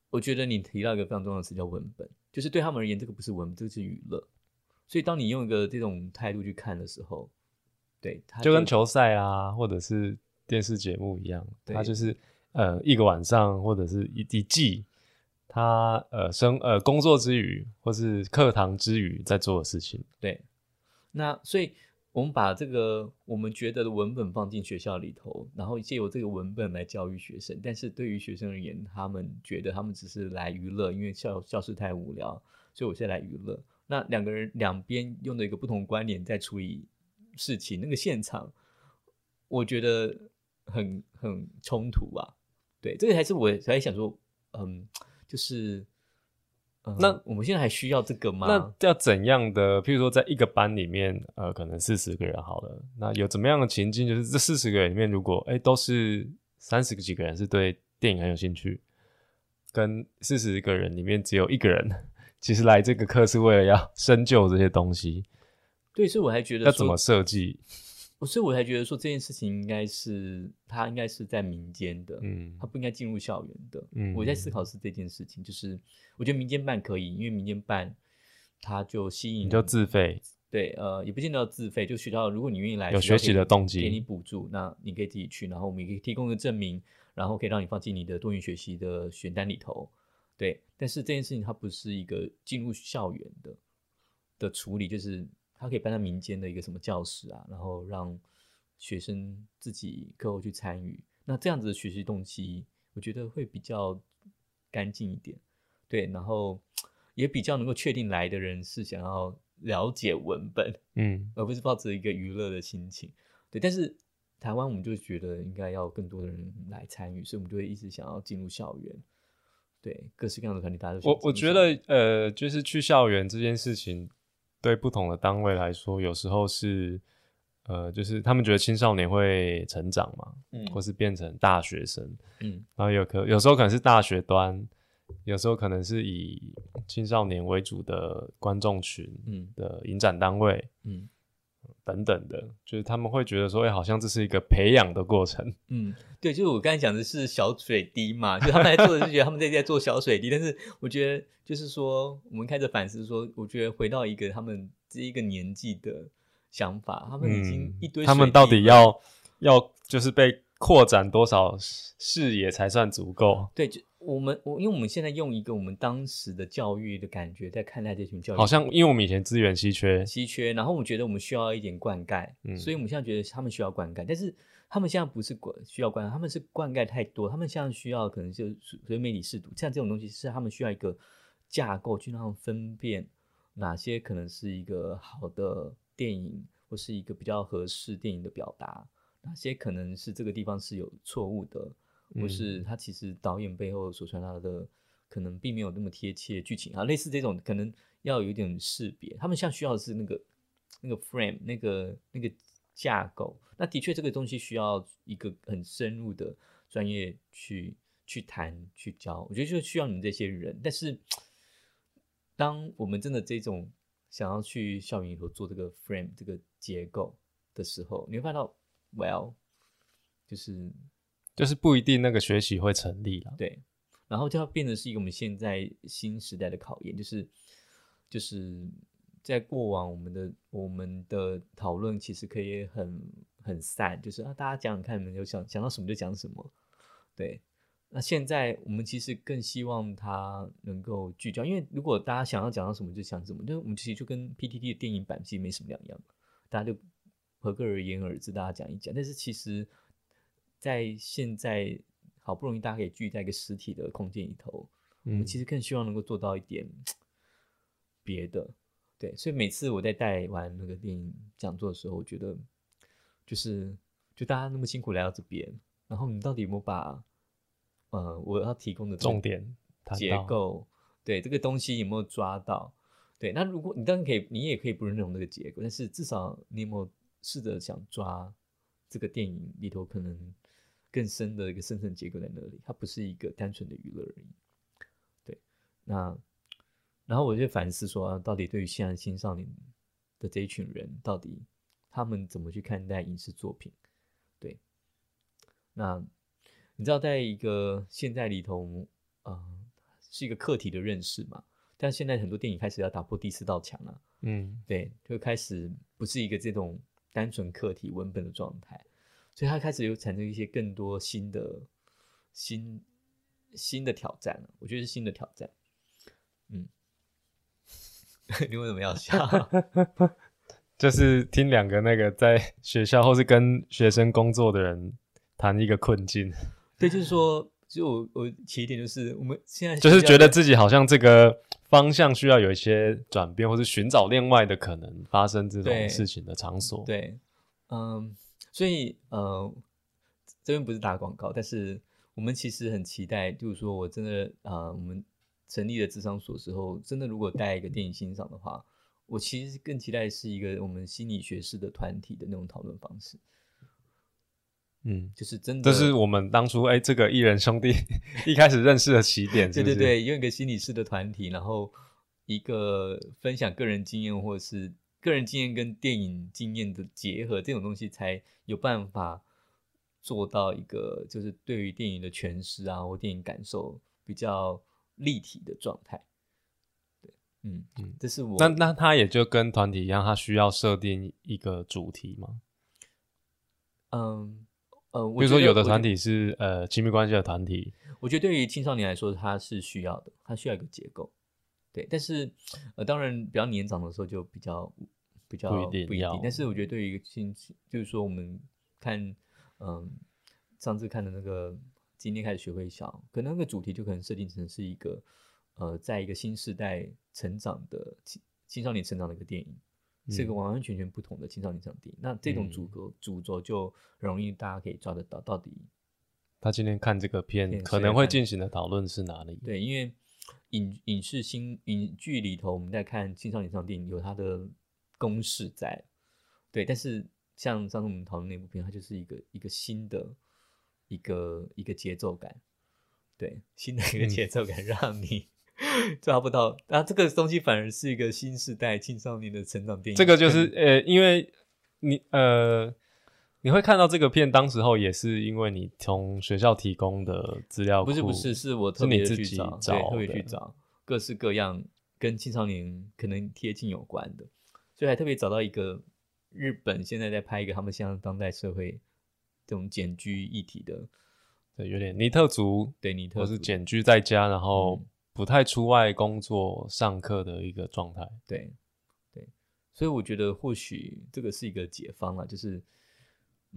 我覺得你提到一個非常重要的詞叫文本，就是對他們而言，這個不是文本，這個，是娛樂。所以，當你用一個這種態度去看的時候，對，就，就跟球賽啊，或者是電視節目一樣，它對就是呃，一個晚上或者是一一季。他呃生呃工作之餘或是課堂之餘在做的事情，對。那所以我們把這個我們覺得的文本放進學校裡頭，然後借由這個文本來教育學生。但是對於學生而言，他們覺得他們只是來娛樂，因為教教室太無聊，所以我先來娛樂。那兩個人兩邊用的一個不同觀點在處理事情，那個現場我覺得很很衝突吧？對，這個還是我在想說，嗯。就是，嗯，那我們現在還需要這個嗎？那要怎樣的？譬如說，在一個班裡面，呃，可能四十個人好了。那有怎麼樣的情境？就是這四十個人裡面，如果哎都是三十幾個人是對電影很有興趣，跟四十個人裡面只有一個人，其實來這個課是為了要深究這些東西。對，所以我還覺得要怎麼設計？所以，我才覺得說這件事情應該是他應該是在民間的，嗯，他不應該進入校園的。嗯，我在思考是這件事情，就是我覺得民間辦可以，因為民間辦，他就吸引你就自費，對，呃，也不見得要自費，就學校，如果你願意來學有學習的動機，給你補助，那你可以自己去，然後我們也可以提供一個證明，然後可以讓你放進你的多元學習的選單裡頭，對。但是這件事情它不是一個進入校園的的處理，就是。它可以搬到民間的一個什麼教室啊，然後讓學生自己課後去參與。那這樣子的學習動機，我覺得會比較乾淨一點，對，然後也比較能夠確定來的人是想要了解文本，嗯，而不是抱着一個娛樂的心情。對，但是台灣我們就覺得應該要更多的人來參與，所以我們就會一直想要進入校園，對，各式各樣的團體大家都學，我我覺得呃，就是去校園這件事情。對不同的單位來說，有時候是，呃，就是他們覺得青少年會成長嘛，嗯，或是變成大學生，嗯，然後有可有時候可能是大學端，有時候可能是以青少年為主的觀眾群的影展單位，嗯。嗯等等的，就是他們會覺得說，哎、欸，好像這是一個培養的過程。嗯，對，就是我剛才講的是小水滴嘛，就他們在做的就覺得他們在在做小水滴， 但是我覺得就是說，我們開始反思說，我覺得回到一個他們這一個年紀的想法，他們已經一堆、嗯，他們到底要要就是被擴展多少視野才算足夠？嗯、對，就。我們我，因為我們現在用一個我們當時的教育的感覺在看待這群教育，好像因為我們以前資源稀缺，稀缺。然後我覺得我們需要一點灌溉，嗯，所以我們現在覺得他們需要灌溉，但是他們現在不是灌需要灌溉，他們是灌溉太多，他們現在需要可能就所謂媒體識讀，像這種東西是他們需要一個架構去讓他們分辨哪些可能是一個好的電影或是一個比較合適電影的表達，哪些可能是這個地方是有錯誤的。不是，他其實導演背後所傳達的可能並沒有那麼貼切劇情啊，類似這種可能要有點識別。他們像需要的是那個那個 frame 那個那個架構。那的確這個東西需要一個很深入的專業去去談去教。我覺得就需要你們這些人。但是當我們真的這種想要去校園裡頭做這個 frame 這個結構的時候，你會發現到，well 就是。就是不一定那個學習會成立了，對，然後就要變成是一個我們現在新時代的考驗，就是就是在過往我們的我們的討論其實可以很很散，就是啊大家講講看你們有想想到什麼就講什麼，對，那現在我們其實更希望他能夠聚焦，因為如果大家想要講到什麼就講什麼，那我們其實就跟 PTT 的電影版其實沒什麼兩樣，大家就盍各言爾志大家講一講，但是其實。在現在好不容易大家可以聚在一個實體的空間裡頭，嗯、我其實更希望能夠做到一點別的，對。所以每次我在帶完那個電影講座的時候，我覺得就是就大家那麼辛苦來到這邊，然後你到底有沒有把嗯、呃、我要提供的重點結構，對這個東西有沒有抓到？對，那如果你當然可以，你也可以不認同那個結構，但是至少你有沒有試著想抓這個電影裡頭可能，嗯。更深的一個深層結構在那裡，它不是一個單純的娛樂而已。對，那然後我就反思說、啊，到底對於現在青少年的這一群人，到底他們怎麼去看待影視作品？對，那你知道，在一個現在裡頭，嗯、呃，是一個客體的認識嘛？但現在很多電影開始要打破第四道牆了、啊，嗯，對，就開始不是一個這種單純客體文本的狀態。所以，他開始有產生一些更多新的、新新的挑戰了。我覺得是新的挑戰。嗯， 你為什麼要笑啊？就是聽兩個那個在學校或是跟學生工作的人談一個困境。對，就是說，就我，我起點就是我們現在，在就是覺得自己好像這個方向需要有一些轉變，或是尋找另外的可能發生這種事情的場所。對，嗯。所以，呃，這邊不是打廣告，但是我們其實很期待，就是說我真的，啊、呃，我們成立了諮商所之後，真的如果帶一個電影欣賞的話，我其實更期待是一個我們心理學式的團體的那種討論方式。嗯，就是真的。這是我們當初哎、欸，這個薏仁兄弟一開始認識的起點。 是是對對對，用一個心理師的團體，然後一個分享個人經驗，或者是。個人經驗跟電影經驗的結合，這種東西才有辦法做到一個，就是對於電影的詮釋啊，或電影感受比較立體的狀態。對，嗯嗯，這是我。那那他也就跟團體一樣，他需要設定一個主題嗎？嗯嗯、呃、比如說有的團體是呃親密關係的團體，我覺得對於青少年來說，他是需要的，他需要一個結構。對，但是呃，當然比較年長的時候就比較比較不一定，一定要，但是我覺得對於一個新，就是說我們看，嗯、呃，上次看的那個《今天開始學會笑》，可能那個主題就可能設定成是一個，呃，在一個新時代成長的青青少年成長的一個電影，嗯、是一個完完全全不同的青少年成長電影，嗯、那這種主格、嗯、主軸就容易大家可以抓得到，到底他今天看這個片，片可能會進行的討論是哪裡？對，因為。影影視新影劇裡頭，我們在看青少年、上的電影，有它的公式在，對。但是像上次我們討論那部片，它就是一個一個新的一個一個節奏感，對，新的一個節奏感，讓你、嗯、 抓不到。啊，這個東西反而是一個新時代青少年的成長電影。這個就是跟呃，因為你呃。你會看到這個片，當時候也是因為你從學校提供的資料，不是不是，是我特別去自己找，特別去找對各式各樣跟青少年可能貼近有關的，所以還特別找到一個日本現在在拍一個他們像當代社會這種繭居議題的，對，有點尼特族，對，尼特族是繭居在家，然後不太出外工作上課的一個狀態，對，對，所以我覺得或許這個是一個解方啊，就是。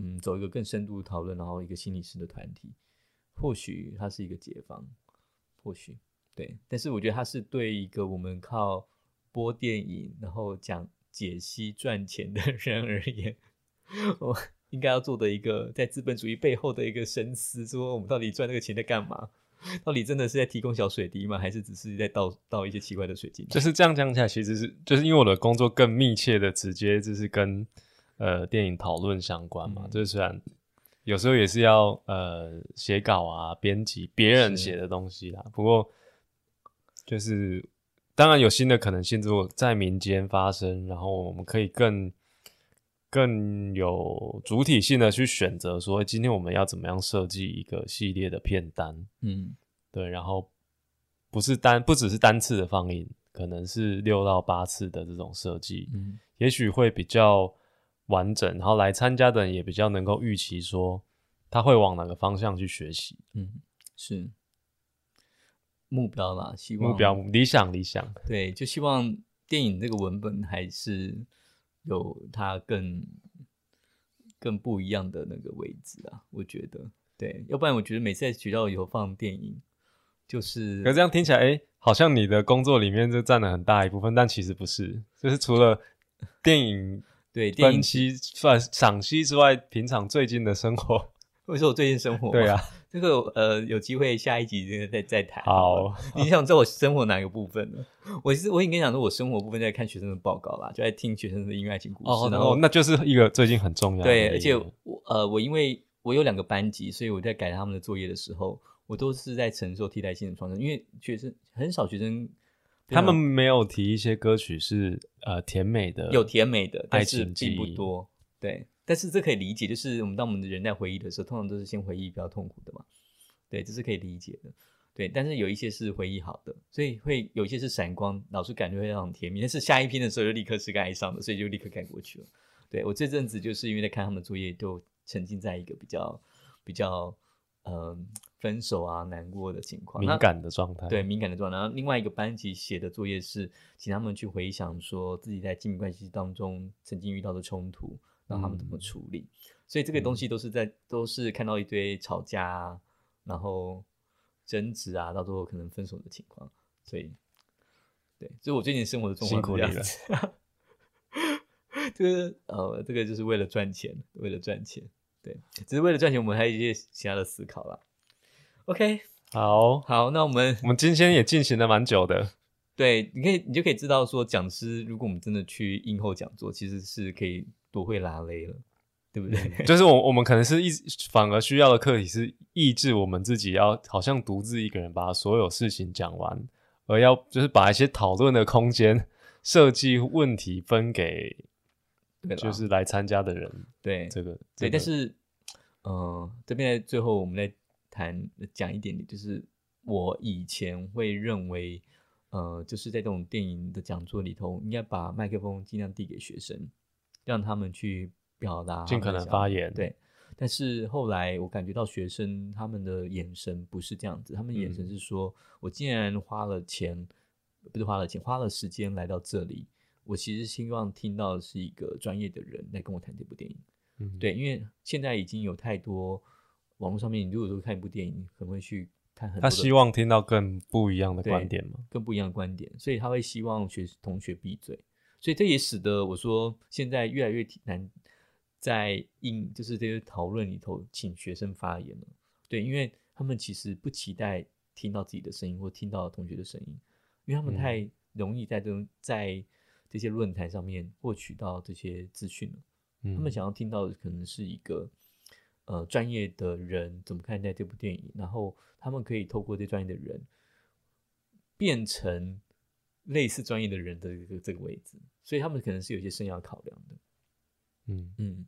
嗯，走一個更深度討論，然後一個心理師的團體，或許它是一個解放，或許對，但是我覺得它是對一個我們靠播電影然後講解析賺錢的人而言，我應該要做的一個在資本主義背後的一個深思，說我們到底賺這個錢在幹嘛？到底真的是在提供小水滴嗎？還是只是在倒倒一些奇怪的水晶？就是這樣講起來，其實、就是就是因為我的工作更密切的直接就是跟。呃，電影討論相關嘛，嗯、就是雖然有時候也是要呃寫稿啊，編輯別人寫的東西啦。是不過就是當然有新的可能性，如果在民間發生，然後我們可以更更有主體性的去選擇，說今天我們要怎麼樣設計一個系列的片單？嗯，對，然後不是單不只是單次的放映，可能是六到八次的這種設計，嗯，也許會比較。完整，然後來參加的人也比較能夠預期說他會往哪個方向去學習。嗯，是目標啦，希望目標理想，理想。理想對，就希望電影這個文本還是有它更、更不一樣的那個位置啊。我覺得，對，要不然我覺得每次在學校以後放電影，就是可是這樣聽起來，哎，好像你的工作裡面就占了很大一部分，但其實不是，就是除了電影。 對，音期算賞析之外，平常最近的生活，或者說我最近生活，對啊，這、 那個呃，有機會下一集再再談。再好，好，好哦，你想知道在我生活哪一個部分呢？我其實我已經講說，我生活部分在看學生的報告啦，就在聽學生的音樂愛情故事，哦，然後那就是一個最近很重要的。對，而且我呃，我因為我有兩個班級，所以我在改他們的作業的時候，我都是在承受替代性的創傷，因為學生很少學生。他們沒有提一些歌曲是嗎呃，甜美的，有甜美的，但是並不多。對，但是這可以理解，就是我們當我們的人在回憶的時候，通常都是先回憶比較痛苦的嘛。對，這是可以理解的。對，但是有一些是回憶好的，所以會有一些是閃光，老是感覺會非常甜蜜。但是下一篇的時候就立刻是哀傷的，所以就立刻蓋過去了。對，我這陣子就是因為在看他們的作業，就沉浸在一個比較比較，呃，分手啊，難過的情況，敏感的狀態，對，敏感的狀態。然後另外一個班級寫的作業是，請他們去回想說自己在親密關係當中曾經遇到的衝突，讓他們怎麼處理。嗯、所以這個東西都是在，嗯、都是看到一堆吵架，啊，然後爭執啊，到最後可能分手的情況。所以，對，所以我最近生活的狀況就是這樣。辛苦了。 就是呃、哦，這個就是為了賺錢，為了賺錢。對，只是為了賺錢，我們還有一些其他的思考啦。OK，好好，那我們我們今天也進行了蠻久的。對，你可以你就可以知道說，講師如果我們真的去映後講座，其實是可以不會拉累了，對不對？就是我們我們可能是一反而需要的課題是抑制我們自己要好像獨自一個人把所有事情講完，而要就是把一些討論的空間設計問題分給。對，就是來參加的人，對這個，這個、對，但是，嗯、呃，這邊最後我們再談講一點點，就是我以前會認為，呃，就是在這種電影的講座裡頭，應該把麥克風儘量遞給學生，讓他們去表達，儘可能發言，對。但是後來我感覺到學生他們的眼神不是這樣子，他們眼神是說、嗯、我既然花了錢，不是花了錢，花了時間來到這裡。我其實希望聽到是一個專業的人來跟我談這部電影，嗯、對，因為現在已經有太多網絡上面，你如果說看一部電影，可能會去看很多。他希望聽到更不一樣的觀點嗎？更不一樣的觀點，所以他會希望學同學閉嘴，所以這也使得我說現在越來越難在應就是這些討論裡頭請學生發言了。對，因為他們其實不期待聽到自己的聲音或聽到同學的聲音，因為他們太容易在這種、嗯、在。這些論壇上面獲取到這些資訊、嗯、他們想要聽到的可能是一個呃專業的人怎麼看待這部電影，然後他們可以透過這專業的人變成類似專業的人的一個這個位置，所以他們可能是有些生涯考量的。嗯嗯，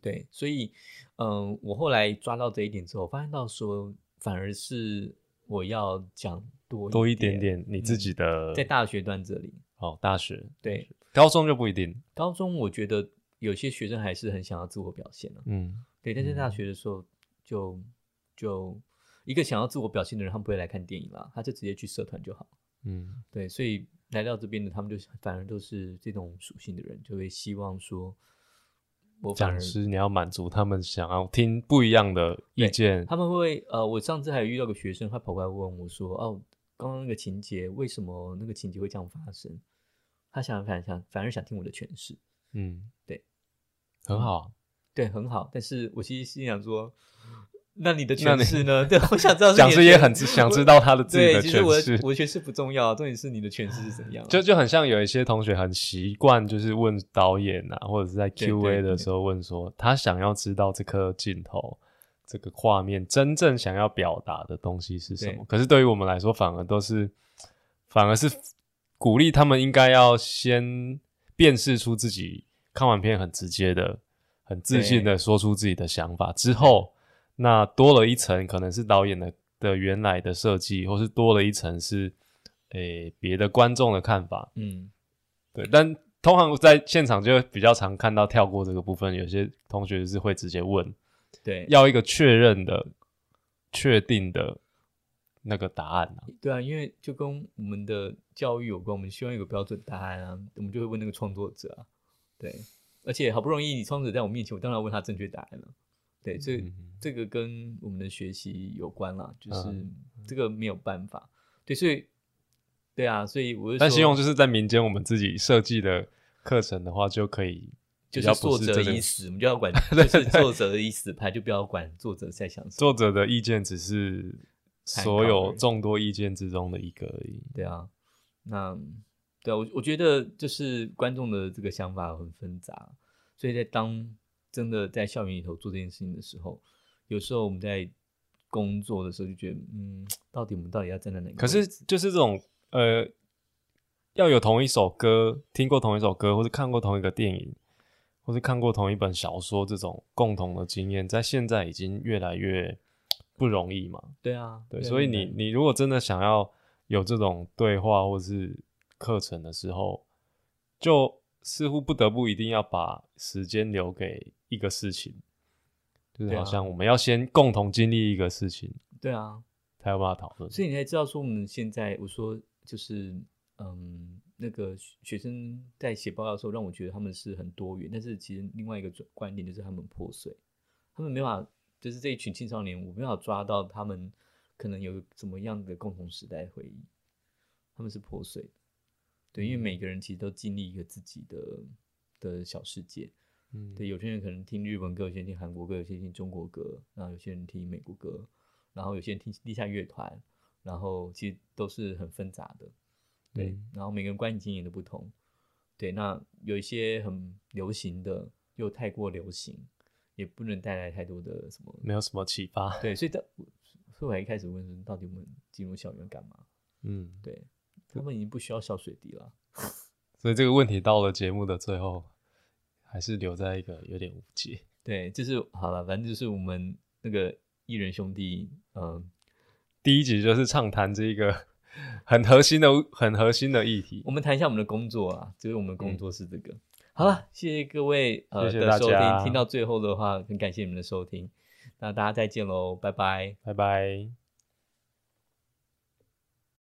對，所以嗯、呃，我後來抓到這一點之後，發現到說反而是我要講多一多一點點你自己的、嗯、在大學段這裡。好、哦，大學對，高中就不一定。高中我覺得有些學生還是很想要自我表現的、啊，嗯，對。但是大學的時候就，就、嗯、就一個想要自我表現的人，他們不會來看電影了，他就直接去社團就好，嗯，對。所以來到這邊的他們就反而都是這種屬性的人，就會希望說，講師你要滿足他們想要聽不一樣的意見。他們會呃，我上次還有遇到一個學生，他跑過來問我說，哦。剛剛那個情節，為什麼那個情節會這樣發生？他想反想，反而想聽我的詮釋。嗯，對，很好，對，很好。但是我其實心想說，那你的詮釋呢？那你對，我想知道。講師也很我想知道他的自己的詮釋。我的詮釋不重要啊，重點是你的詮釋是怎樣啊。就就很像有一些同學很習慣，就是問導演啊，或者是在 Q&A 的時候問說，對對對對對。他想要知道這顆鏡頭。這個畫面真正想要表達的東西是什麼？對可是對於我們來說，反而都是，反而是鼓勵他們應該要先辨識出自己看完片很直接的、很自信的說出自己的想法對之後，那多了一層可能是導演的的原來的設計，或是多了一層是誒別的觀眾的看法。嗯，對。但通常在現場就比較常看到跳過這個部分，有些同學是會直接問。對，要一個確認的、確定的那個答案啊。對啊，因為就跟我們的教育有關，我們希望有個標準答案啊，我們就會問那個創作者啊。對，而且好不容易你創作者在我面前，我當然要問他正確答案了。對，這這個跟我們的學習有關啦，就是這個沒有辦法。嗯、對，所以對啊，所以我是但希望就是在民間我們自己設計的課程的話就可以。就是要作者的意思，我們就要管；就是作者的意思，拍就不要管作者在想什麼。作者的意見只是所有眾多意見之中的一個而已。對啊，那對啊，我我覺得就是觀眾的這個想法很紛雜，所以在當真的在校園裡頭做這件事情的時候，有時候我們在工作的時候就覺得，嗯，到底我們到底要站在哪個位置？可是就是這種呃，要有同一首歌聽過同一首歌，或者看過同一個電影。或是看過同一本小說，這種共同的經驗，在現在已經越來越不容易嘛。對啊，對，對啊、所以你對吧，你如果真的想要有這種對話或是課程的時候，就似乎不得不一定要把時間留給一個事情，就是好像我們要先共同經歷一個事情。對啊，才有辦法討論、對啊。所以你才知道說，我們現在我說就是嗯。那個學生在寫報告的時候，讓我覺得他們是很多元，但是其實另外一個觀點就是他們破碎，他們沒法，就是這一群青少年，我沒法抓到他們可能有怎麼樣的共同時代回憶，他們是破碎的，對，因為每個人其實都經歷一個自己的的小世界，嗯，對，有些人可能聽日本歌，有些人聽韓國歌，有些人聽中國歌，然後有些人聽美國歌，然後有些人聽地下樂團，然後其實都是很紛雜的。對，然後每個人觀影經驗都不同，對，那有一些很流行的，又太過流行，也不能帶來太多的什麼，沒有什麼啟發。對，所以我，所以我一開始問說，到底我們進入校園幹嘛？嗯，對，他們已經不需要小水滴了，所以這個問題到了節目的最後，還是留在一個有點無解。對，就是好了，反正就是我們那個薏仁兄弟，嗯、呃，第一集就是暢談這一個。很核心的，很核心的議題，我們談一下我們的工作啊。就是我們的工作是這個。嗯、好了，謝謝各位呃謝謝大家的收聽，聽到最後的話，很感謝你們的收聽。那大家再見嘍，拜拜，拜拜。